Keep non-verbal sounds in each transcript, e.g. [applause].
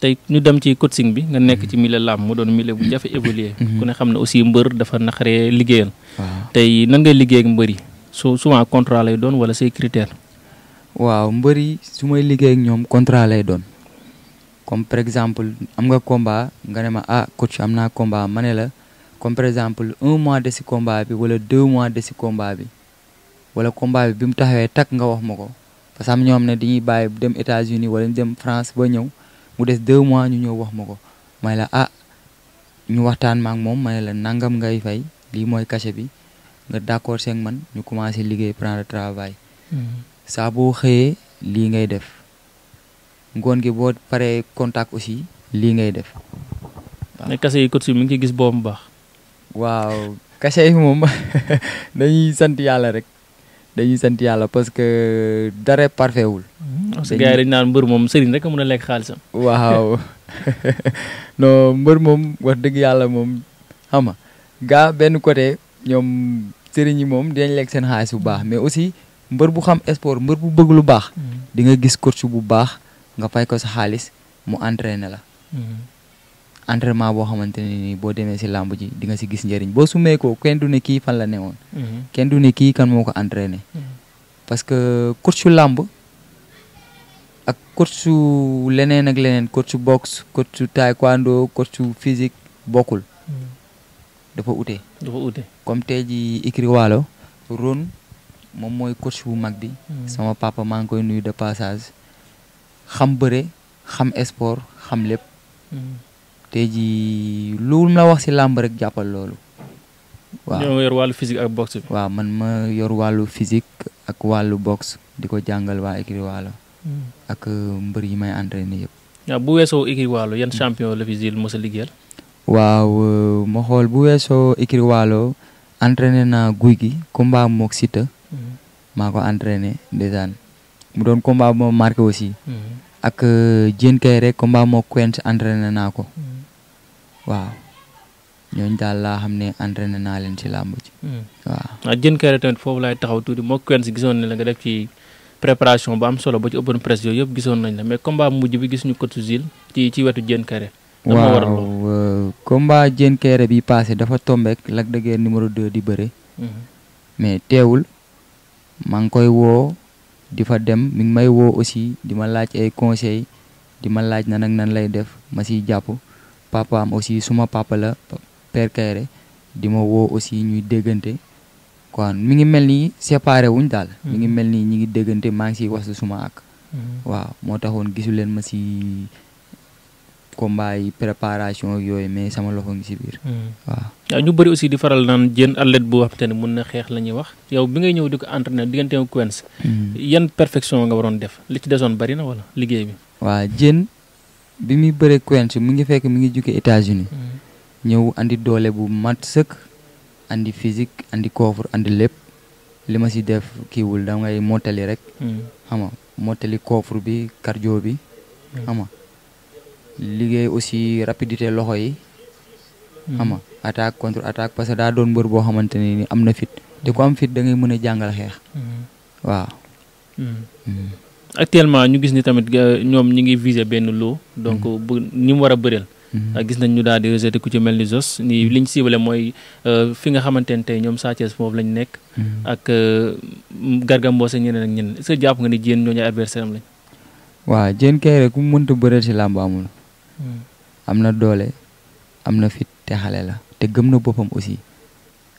tey ñu dem ci coaching bi nga nekk mm-hmm. ci milieu lam mu doon milieu bu jafe évoluer mm-hmm. ku ne xam ne aussi mbër dafa naqaree liggéeyal tey nan ngay liggéey ak mbër yi so souvent contrat lay doon wala say critère waaw mbër yi su may liggéey ak ñoom contrat lay doon comme par exemple am nga combat nga ne ma ah coach am naa combat ma ne la comme par exemple un mois de si combat bi wala deux mois de si combat bi wala combat bi bi mu taxawee tak nga wax ma ko parce que am ñoom ne dañuy bàyyi dem États-Unis wala dem France ba ñëw mu des mois ñu ñëw wax ma ko may la ah ñu waxtaan ma ak moom may la nangam ngay fay lii mooy cachet bi nga d'accord seeg man ñu commencé liggéey prendre travail mm-hmm. saa boo xëyee lii ngay def ngoon gi boo pare contact aussi lii ngay def waaw cachet yi kot si ngi ciy gis boobu baax waaw cachet yi moom [laughs] dañuy sant yàlla rek dañuy sant yàlla parce que dara parfait wul. parce que gars yi dañu naan mbër moom sëriñ rek a mën a lekk xaalisam. waaw [laughs] non mbër moom wax dëgg yàlla moom xam nga gaa benn côté ñoom sëriñ yi moom dinañ lekk seen xaalis bu baax mais aussi mbër bu xam esport mbër bu bëgg lu baax. Mm-hmm. di nga gis coach bu baax nga fay ko sa xaalis mu entraîné la. Mm-hmm. entraînement boo xamante ne nii boo demee si làmb ji di nga si gis njëriñ boo sumee ko kenn du kii fan la newoon. Mhm. kenn du ne kii kan moo ko entraîné. Mhm. parce que coach su làmb ak coach su leneen ak leneen coach su boxe coach su taekwondo coach su mhm. dafa ute. dafa ute comme tey Waalo Ron moom mooy coach bu mag bi. sama papa maa ngi koy nuyu de passage xam bëre xam sport xam lépp. tey jii loolu la wax si làmb rek jàppal loolu. waaw ñoo yor wàllu physique ak box bi. waaw man ma yor wàllu physique ak wàllu box di ko jàngal waa écurie Waalo. Hmm. ak eh, mbër yi may entraîné yëpp. waaw ya, bu weesoo écurie Waalo yan champion la fi Zil mos a liggéeyal. waaw eh, ma xool bu weesoo écurie Waalo entraîné naa guy gi combat mook Siteu. Hmm. maa ko entraîné dèjà mu doon combat bu marqué aussi. Hmm. ak eh, kay rek combat mook quent entraîné naa ko waaw ñooñu daal laa xam ne entraîné naa leen ci làmb ji. Hmm. waaw ah, jën kayre tamit foofu laay taxaw tuuti moo Quench gisoon ne la nga def ci préparation bu am solo ba ci open press yooyu yëpp gisoon nañ la mais combat mujj bi gis ñu coach Zil ci ci wetu jën kayre. waaw euh, combat jën bi passé dafa tombé ak Lac de numéro 2 di bëre. Hmm. mais teewul maa ngi koy woo di fa dem mi ngi may woo aussi di ma laaj ay conseils di ma laaj nan ak nan lay def ma siy jàpp papa am aussi suma papa la père Kayre di wo aussi ñuy déggante kon mi ngi melni séparé wuñ dal mi ngi mm-hmm. melni ñi ngi déggante ma ngi siy was suma ak mm-hmm. waaw mo taxone gisul len ma ci combat yi préparation yoy mais sama loxo ngi ci bir mm-hmm. waaw ñu bari aussi di faral nan jeen athlète bu wax tane mën na xeex la wax yow bi ngay ñëw diko entraîner digënté ko wens yan perfection nga waron def li ci déssone bari na wala liggéey bi waaw jeen bi mu bëre Quench mu ngi fekk mu ngi jóge États-Unis mm-hmm. ñëw andi doole bu mat sëkk andi physique andi coffre andi lépp li ma si def kiiwul da ngay rek xam mm-hmm. nga mottali bi cardio bi xam mm-hmm. liggéey aussi rapidité loxo yi xam nga attaque contre attaque parce que daa doon mbër boo xamante ne ni am na fit te ku am fit dangay mën a jàngal xeex waaw actuellement ñu gis ni tamit euh, ñoom ñi ngi viser benn loo donc mhm. bu ñi mu war a bëreel. Mhm. Ah, gis nañ ñu daal di rejeté ku ci mel ni Zos ni mhm. liñ ciblé mooy euh, fi nga xamante ne tey ñoom Sa Thiès foofu lañ nekk. ak euh, Garga Mbossé ñeneen ak ñeneen est jàpp nga ni Diène ñooñu adversaire am lañ. waaw Diène kay rek ku mu mënta bëreel si làmb amul. Hmm. am na doole am na fit te xale la te gëm na boppam aussi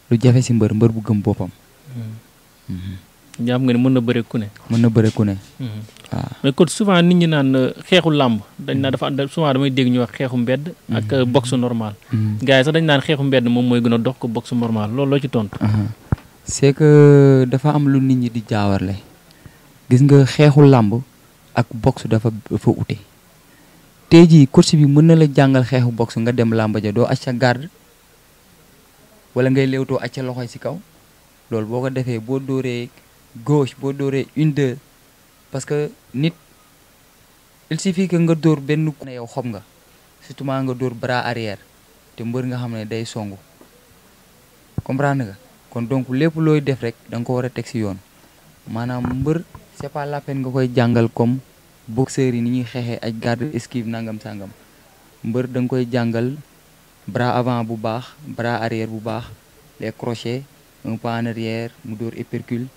lu jafe si mbër mbër bu gëm boppam. Hmm. jàpp nga ne mën na bëre ku ne. mën na bëre ku ne. Hmm. waaw mais kon souvent nit ñi naan euh, xeexu làmb dañ naan dafa souvent damay dégg ñu wax xeexu mbedd. Hmm. ak euh, boxe normal. Hmm. gars yi dañ naan xeexu mbedd moom mooy gën dox ko boxe normal loolu loo ci tontu. c'est que dafa am lu nit ñi di jaawarle gis nga xeexu làmb ak boxe dafa dafa ute tey jii bi mën na la jàngal xeexu boxe nga dem làmb ja doo acca garde wala ngay léewtoo acca loxoy ci kaw loolu boo ko defee boo dóoree gauche bo doré une deux parce que nit il suffit que nga dóor benn ne yow xom nga surtout ma nga dor bras arrière te mbeur nga xamné day songu comprendre nga kon donc lepp loy def rek dang ko wara tek ci yoon manam mbeur c'est pas la peine nga koy jangal comme boxeur ni ñi xexé garde esquive nangam sangam mbeur dang koy jangal bras avant bu baax bras arrière bu baax les crochets un pas en arrière mu dor épercule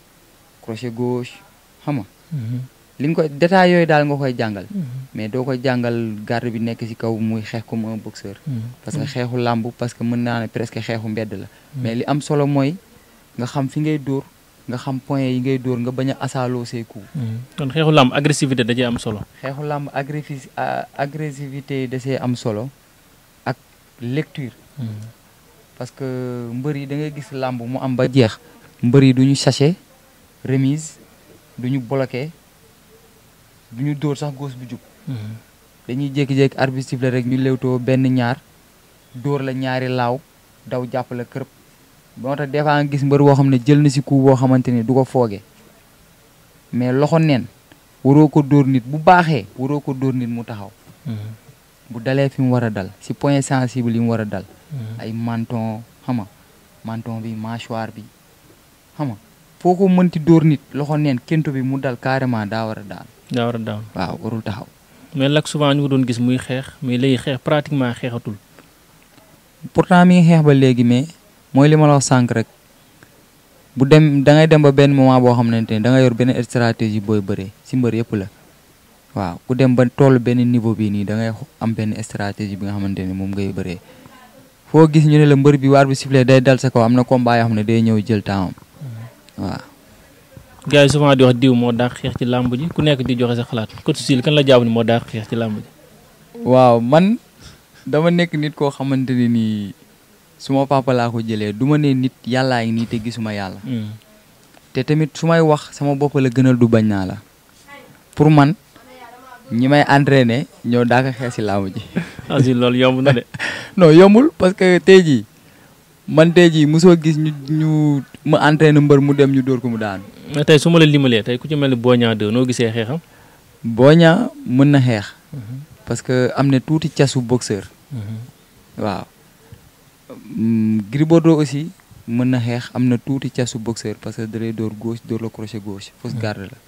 crochet gauche xam nga mhm. li ko koy détail yooyu dal nga koy jàngal mhm. mais do koy jangal garde bi nek si kaw muy xeex comme un boxeur mhm. parce que xexu lamb parce que mën na né presque xexu mbedd la mais li am solo moy nga xam fi ngay dor nga xam point yi ngay dor nga bañ a asaaloo say kon xexu lamb agressivité da am solo xexu lamb agressivité agressivité da ci am solo ak lecture parce que mbeuri da ngay gis lamb mu am ba jeex mbeuri duñu sachet remise du ñu bloqué du ñu dóor sax góos bu jub. Mhm. dañuy jékki-jékki arbitre rek ñu lewtoo benn ñaar dóor la ñaari law daw jàpp la kërëb moo tax des fois nga gis mbër boo xam ne jël na si coup boo xamante ni du ko fooge mais loxo neen waroo ko dóor nit bu baaxee waroo ko dóor nit mu taxaw. Mhm. bu dalee fi mu war a dal si point sensible yi mu war a dal. Mhm. ay menton xama menton bi mâchoire bi xama foo ko mënti dóor nit loxo neen kento bi mu dal carrément daa war a daan. daa war a daan waaw warul taxaw. mais lak souvent ñu ko doon gis muy xeex mais léegi xeex pratiquement xeexatul. pourtant mi ngi xeex ba léegi mais mooy li ma sànq rek bu dem da ngay dem ba benn moment boo xamante ne da nga yor benn stratégie booy bëree si mbër yëpp la. waaw ku dem ba toll benn niveau bii nii da ngay am benn stratégie bi nga xamante ne moom ngay bëree foo gis ñu ne la mbër bi waar bi sifflé day dal sa kaw am na combat yoo xam ne day ñëw jël temps waa gars yi souvent di wax diw moo daax xeex ci làmb ji ku nekk di joxe sa xalaat coach Cissé kan la jàpp ni moo daax xeex ci làmb ji. waaw man dama nekk nit koo xamante ne nii suma papa laa ko jëlee du ma ne nit yàllaa ngi nii te gisuma yàlla. Hmm. tamit su may wax sama bopp la gënal du bañ naa la pour man ñi may entraîné ñoo daaka xeex si làmb ji. asi ah, loolu yomb na de. [laughs] non yombul parce tey jii man tey jii soo gis ñu ñu ma entraîné mbër mu dem ñu dóor ko mu daanu. mais tey su ma la limalee tey ku ci mel ni Boy Niang 2 noo gisee xeexam. Boy Niang mën na xeex. Mhm. parce que am na tuuti casu boxeur. Mhm. waaw. Mm, Gris doo aussi mën na xeex am na tuuti casu boxeur parce que da dóor gauche dóor la crochet gauche fausse mhm. garde la.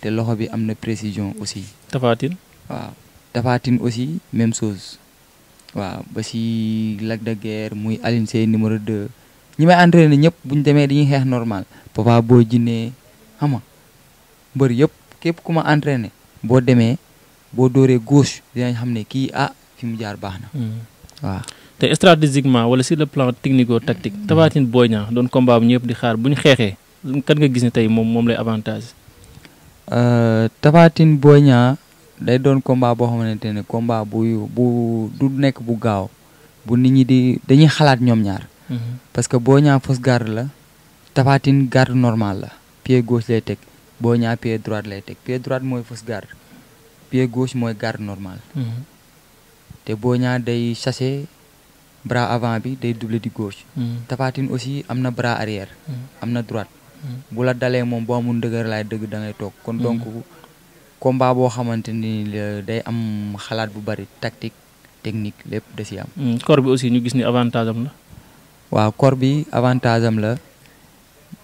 te loxo bi am na précision aussi. Tapha Tine waaw Tapha aussi même chose. waaw ba si Lac de Guiers muy Alioune Seye numéro 2 ñi may entraîné ñëpp bu ñu demee dañuy xeex normal Papa Boy Djiné ama nga mbër yëpp képp ku ma entraîné boo demee boo dooree gauche dinañ xam ne kii ah ki mu jaar baax na hmm. waaw. te stratégiquement wala si le plan technico tactique hmm. Tapha Tine Boy Niang doon combat bu ñëpp di xaar bu ñu xeexee kan nga gis ne tey moom moom lay avantage. Euh, Tapha Tine Boy day doon combat boo xamante ne combat bu bu du nekk bu gaaw bu nit ñi di dañuy xalaat ñoom ñaar. Mhm. parce que boo ñaa fausse garde la Tapha Tine garde normal la pied gauche lay teg boo ñaa pied droite lay teg pied droite mooy fausse garde pied gauche mooy garde normal. Mhm. te boo ñaa day chassé bras avant bi day doublé di gauche. Mhm. Tapha Tine aussi am na bras arrière. am na droite. bu la dalee moom boo amul dëgër laay dëgg da toog kon donc. combat bo xamanteni day am xalaat bu bari tactique technique lepp da ci am. Hmm, cor bi aussi ñu gis ni avantage am la. wa cor bi avantage am la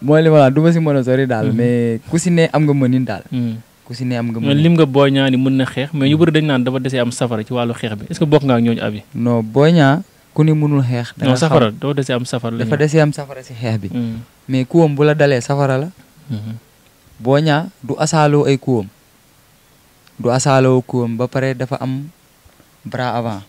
moy li wala du ma sori dal hmm. mais ku ci né am nga mënin dal hmm. ku ci né am nga mënin lim nga Boy ni mën na xeex mais ñu bëri dañ nan dafa dese am safara ci walu xex bi est ce bok nga ak abi. No Boy Niang ku ni mënul xex da nga safara dafa dese am safara la dafa dese am safara si xex bi. mais wam bu la dalé safara la. Boy du asalo ay kuwam du asaaloo kuwam ba pare dafa am bra avant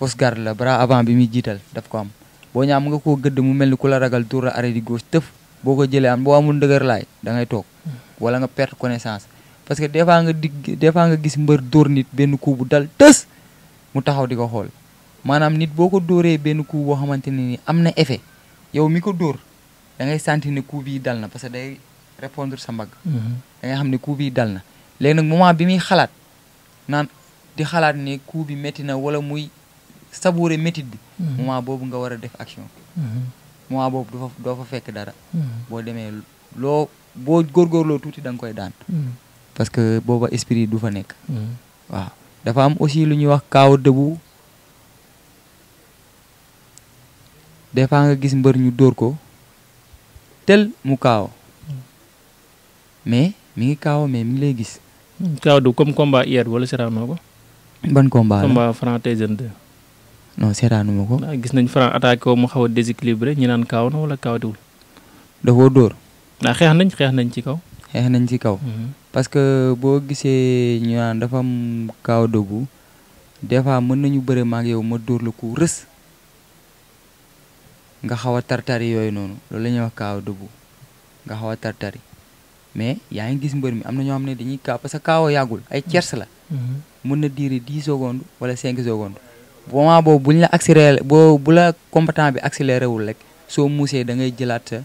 post garde la bra avant bi mi jital daf ko am bo ñam am nga ko gëdd mu melni kula ragal tour arrêt di gauche teuf boko jëlé am bo amul ndëgër lay da ngay tok wala nga perte connaissance parce que des fois nga dig des fois nga gis mbeur dor nit ben coup bu dal teus mu taxaw di ko mana nit boko dure ben ku coup boo xamante ne ni amna effet yow mi ko dor da ngay sentir ni coup bi dal na parce que day répondre sa mbagg mhm. da ngay xamni coup léegi nag moment bi muy xalaat naan di xalaat ne coup bi métti na wala muy saboure métit bi mhm. moment boobu nga war a def action mhm. moment boobu doo fa doo fa fekk dara mhm. boo demee loo boo góorgóorloo tuuti da nga koy daan parce que booba esprit du fa nekk waaw dafa am aussi lu ñuy wax kaaw dëbu des fois nga gis mbër ñu dóor ko tel mu kaaw mais mi ngi kaaw mais mi ngi lay gis Kaawdu comme combat hier wala seetaanoo ko. ban combat la combat Franc Tyson 2. non seetaanuma ko. Ah, gis nañ Franc attaqué ko mu xaw a déséquilibré ñi naan kaaw na wala kaawdiwul. dafoo ah, nañ xeex nañ ci kaw. xeex nañ ci kaw. Mhm. parce que boo gisee ñu naan dafa des fois mën nañu bëre ma ak yow ma dóor la ko rës nga xaw a tartari yooyu noonu loolu la kaaw dëggu nga xaw a tartari mais yaa ngi gis mbër mi am na ñoo xam ne dañuy kaaw parce que kaawoo yàggul ay tiers la mën mhm. na diire dix secondes wala cinq secondes moment boobu buñ la accélérer boo bu la combattant bi accélérer wul rek soo muusee da ngay jëlaat sa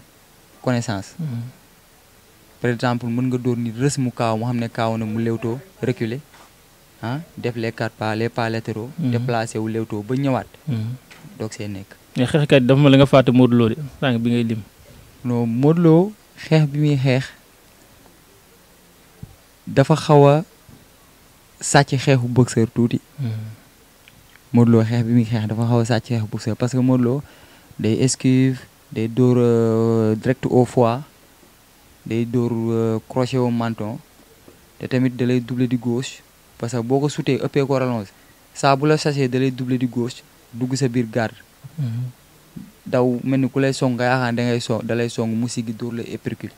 connaissance mhm. par exemple mën nga door ni rës mu kaaw mu xam ne kaaw na mu léwtoo reculer ah def les quatre pas les pas latéraux mhm. déplacer wu léwtoo ba ñëwaat doog see nekk mais xeexkat dafa ma la nga fàtte Modou Lo de sànq bi ngay lim non Modou Lo xeex bi muy xeex dafa xawa sacc xexu boxeur touti hmm. modlo Lo xeex bi mi xex dafa xawa sacc xexu boxeur parce que modlo day esquive day dóor euh, direct au foie day dóor euh, crochet au menton té tamit dalay doubler di gauche parce que boko souté sutee ko rallonge sa bu la sasee dalay doubler di gauche dugg sa bir garde. Hmm. daw melni kou lay song nga yaakaar da ngay song dalay song musique sigi le épercule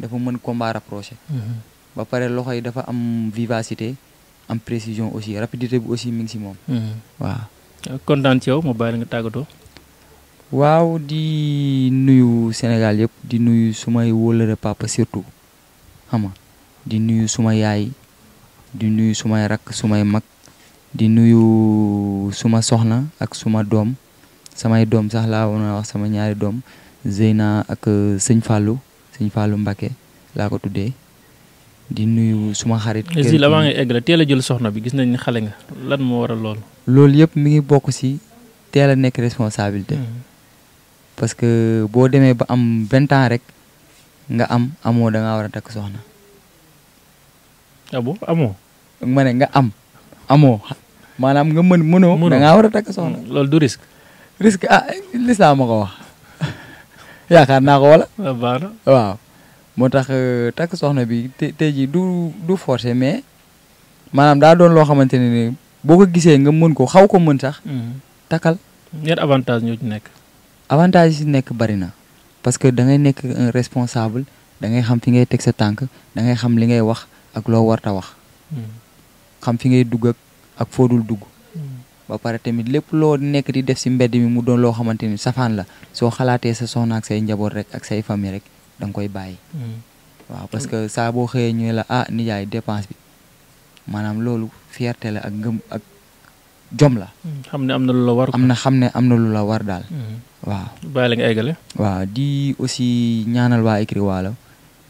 dafa mën combat rapproché. Hmm. ba pare loxo yi dafa am vivacité am précision aussi rapidité bi aussi mi ngi si moom. Mm-hmm. waaw. kontaan ci yow ma bàyyi nga tàggatoo. waaw di nuyu Sénégal yëpp di nuyu sumay wóolare papa surtout ama di nuyu suma yaay di nuyu sumay rakk sumay mag di nuyu suma soxna ak suma doom samay doom sax laa woon a wax sama ñaari doom na ak euh, sëñ Fallou sëñ Fallou Mbacké laa ko tuddee. di nuyu suma xarit. kër gi avant teel a jël soxna bi gis nañ ni xale nga lan moo waral loolu. loolu yëpp mu ngi bokk si teel a nekk responsabilité. Hmm. parce que boo demee ba am vingt ans rek nga am amoo da ngaa war a takk soxna. ah nga am amoo nga mën mënoo. mënoo da ngaa war a takk soxna. Hmm, loolu du risque. risque ah lislaam ko wax [laughs] yaakaar naa ko wala. Ah, waaw. moo tax euh, takk soxna bi te tey jii du du forcé mais maanaam daa doon loo xamante ne boo ko gisee nga mën ko xaw ko mën sax. Mm-hmm. takkal. yan avantage ñoo ci nekk. avantage yi si nekk bari na parce que da ngay nekk un responsable da ngay xam fi ngay teg sa tànk da ngay xam li ngay wax ak loo warta wax. Mm-hmm. xam fi ngay dugg ak ak foo dugg. Mm-hmm. ba pare tamit lépp loo nekk di def si mbedd mi mu doon loo xamante ni safaan la soo xalaatee sa soxna ak say njaboot rek ak say famille rek. da nga koy bàyyi. waaw parce que saa boo xëyee ñu la ah nijaay dépense bi manam lolu fierté la ak gëm ak jom la. xam amna lu la war. amna na amna lu la war dal waaw bàyyi la nga égalé waaw di aussi ñaanal wa écrit waalo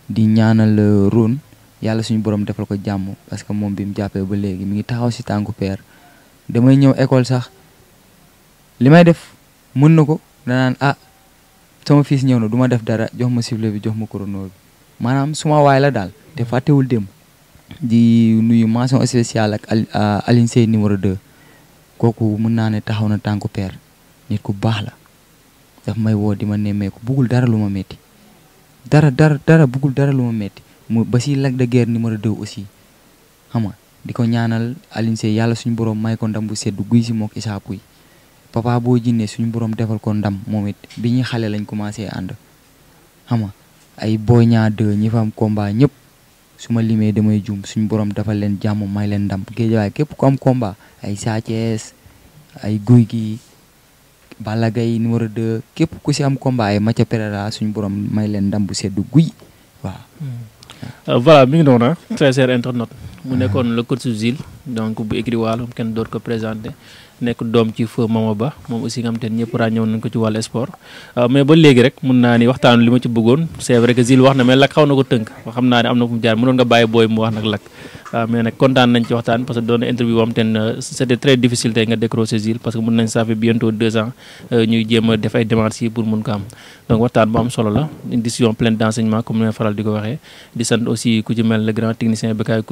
di ñaanal run yalla suñu borom defal ko jamm parce que mom bim jappé ba légui mi ngi taxaw si tanku père damay ñew école sax limay def mën na ko ah. sama fils ñëw na duma def dara jox ma sifflet bi jox ma chrono bi maanaam suma waay la daal te fàttewul dem di nuyu mention spéciale ak Alioune Seye numéro 2 kooku mën naa ne taxaw na tànku per nit ku baax la daf may woo di ma nemmeeku buggul dara lu ma metti dara dara dara buggul dara lu ma metti ba si Lac de Guiers numéro 2 aussi xam nga di ko ñaanal Alioune Seye yàlla suñu borom may ko ndam bu seddu guy si mook Issa Pouye papa boo jinnee suñu borom defal ko ndam moom it bi ñuy xale lañ commencé ànd xam nga ay Boy Niang 2 ñi fa am combat ñëpp su ma limee damay jum suñu borom defal leen jàmm may leen ndam géejawaay képp ku am combat ay Sa Thiès ay Gouye Gui Balla Gaye numéro 2 képp ku si am combat ay Mathia Pereira suñu borom may leen ndam bu sedd guy waaw. Euh, voilà mi ngi noonu très mu nekkoon le coach Zil donc bu écrit wàllum kenn doot ko présenté. nekk doom ci feu Mama Ba moom aussi nga xam te ne ñëpp nañ ko ci wàllu sport euh, mais ba léegi rek mun naa ni waxtaanu li ma ci bëggoon c'est vrai que wax na mais Lac xaw na ko tënk xam naa ne am na fu mu jaar mënoon nga bàyyi booy mu wax nag Lac euh, mais nag kontaan nañ ci waxtaan parce que doon interview boo xam te euh, très difficile tey nga décrocher Zil parce que mun nañ ça fait bientôt deux ans ñuy jéem a def ay démarches yi pour mun ko am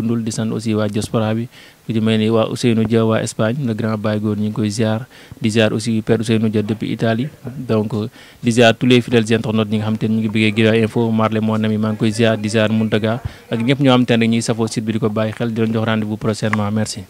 donc ku ci mel ni waa Ousseynou Dia waa Espagne le grand baay góor ñu ngi koy ziar di ziar aussi père Ousseynou Dia depuis Italie donc di ziar tous les fidèles internautes ñi nga xam te ne ñu ngi bëggee Guédiawaye Info Marley mon ami maa ngi koy ziar di ziar Mountaga ak ñëpp ñoo xam te ne ñuy safoo site bi di ko bàyyi xel di leen jox rendez-vous prochainement merci